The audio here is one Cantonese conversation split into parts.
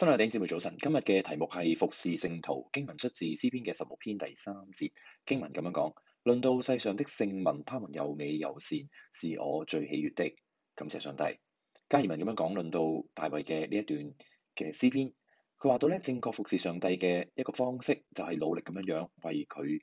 新亞頂節目早晨，今日嘅題目係服事聖徒。經文出自詩篇嘅十六篇第三節，經文咁樣講：論到世上的聖民，他們又美又善，是我最喜悅的。感謝上帝。加爾文咁樣講：論到大衛嘅呢一段嘅詩篇，佢話到咧，正確服事上帝嘅一個方式，就係、是、努力咁樣樣為佢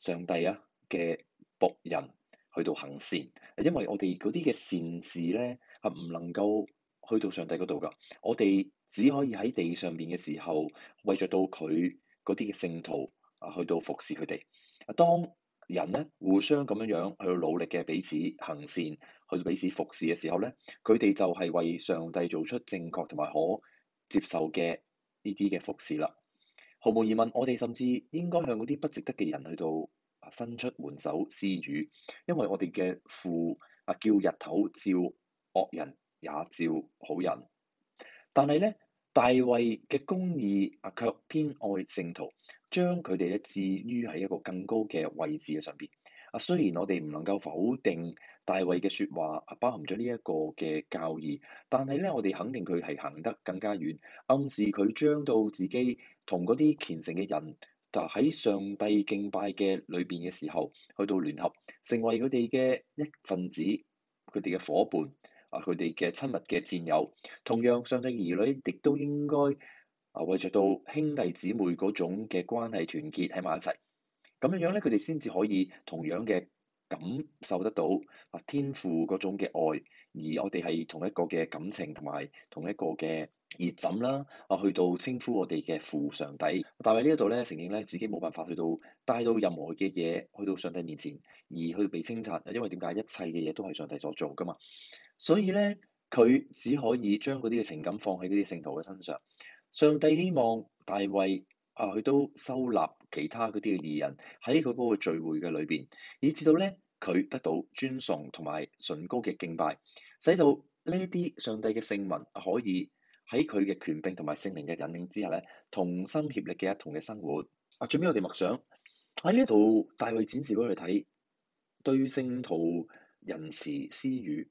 上帝啊嘅僕人去到行善。因為我哋嗰啲嘅善事咧，係唔能夠。去到上帝嗰度噶，我哋只可以喺地上面嘅時候，為着到佢嗰啲嘅聖徒啊，去到服侍佢哋。當人咧互相咁樣樣去努力嘅彼此行善，去到彼此服侍嘅時候咧，佢哋就係為上帝做出正確同埋可接受嘅呢啲嘅服侍啦。毫無疑問，我哋甚至應該向嗰啲不值得嘅人去到啊伸出援手施予，因為我哋嘅父啊叫日頭照惡人，也照好人，但係咧，大衛嘅公義啊，卻偏愛聖徒，將佢哋咧置於喺一個更高嘅位置嘅上邊啊，雖然我哋唔能夠否定大衛嘅說話啊，包含咗呢一個嘅教義，但係咧，我哋肯定佢係行得更加遠，暗示佢將到自己同嗰啲虔誠嘅人，就喺上帝敬拜嘅裏邊嘅時候，去到聯合，成為佢哋嘅一份子，佢哋嘅伙伴。啊！佢哋嘅親密嘅戰友，同樣上帝兒女亦都應該啊，為著到兄弟姊妹嗰種嘅關係團結喺埋一齊，咁樣樣咧，佢哋先至可以同樣嘅，感受得到啊天父嗰種嘅愛，而我哋係同一個嘅感情同埋同一個嘅熱枕啦，啊去到稱呼我哋嘅父上帝。大衛呢一度咧承認咧自己冇辦法去到帶到任何嘅嘢去到上帝面前，而去被稱讚，因為點解一切嘅嘢都係上帝所做噶嘛，所以咧佢只可以將嗰啲嘅情感放喺呢啲聖徒嘅身上，上帝希望大衛。啊！佢都收納其他嗰啲嘅義人喺佢嗰個聚會嘅裏邊，以至到咧佢得到尊崇同埋崇高嘅敬拜，使到呢啲上帝嘅聖民可以喺佢嘅權柄同埋聖靈嘅引領之下咧同心協力嘅一同嘅生活。啊！最尾我哋默想喺呢度大衛展示俾我哋睇，對聖徒仁慈施予，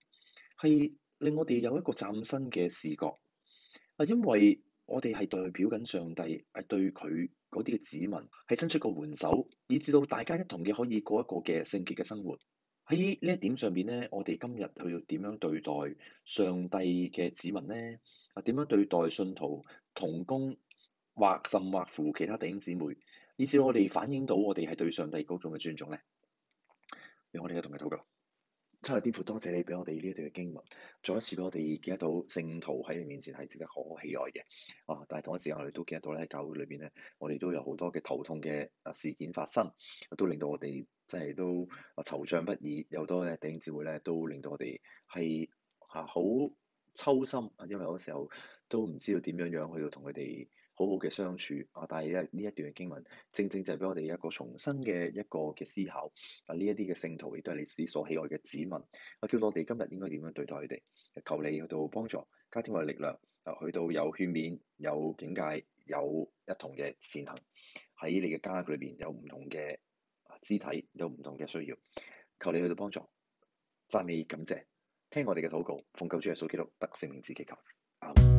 係令我哋有一個嶄新嘅視覺。啊，因為。我哋係代表緊上帝，係對佢嗰啲嘅子民係伸出個援手，以至到大家一同嘅可以過一個嘅聖潔嘅生活。喺呢一點上邊咧，我哋今日要點樣對待上帝嘅子民咧？啊，點樣對待信徒、同工或甚或乎其他弟兄姊妹，以至我哋反映到我哋係對上帝嗰種嘅尊重咧？我哋一齊同佢討天父！多謝你俾我哋呢一段嘅經文，再一次俾我哋見得到聖徒喺你面前係值得可喜愛嘅。啊！但係同一時間我，我哋都見得到咧，喺教會裏邊咧，我哋都有好多嘅頭痛嘅啊事件發生，都令到我哋真係都惆悵不已。有好多嘅弟兄姊妹咧，都令到我哋係嚇好抽心，因為嗰時候都唔知道點樣樣去到同佢哋好好嘅相處啊！但係呢呢一段嘅經文，正正就係俾我哋一個重新嘅一個嘅思考啊！呢一啲嘅聖徒亦都係你所喜愛嘅子民啊！叫我哋今日應該點樣對待佢哋？求你去到幫助，加添我嘅力量啊！去到有勸勉，有警戒，有一同嘅善行。喺你嘅家佢裏邊有唔同嘅肢體，有唔同嘅需要。求你去到幫助，讚美感謝，聽我哋嘅禱告，奉救主耶穌基督得勝名字祈求。